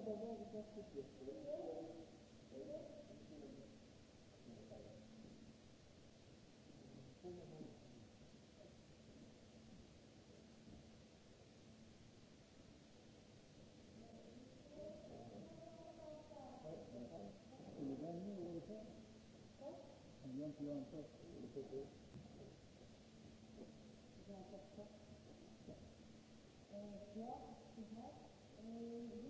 Yeah, she has.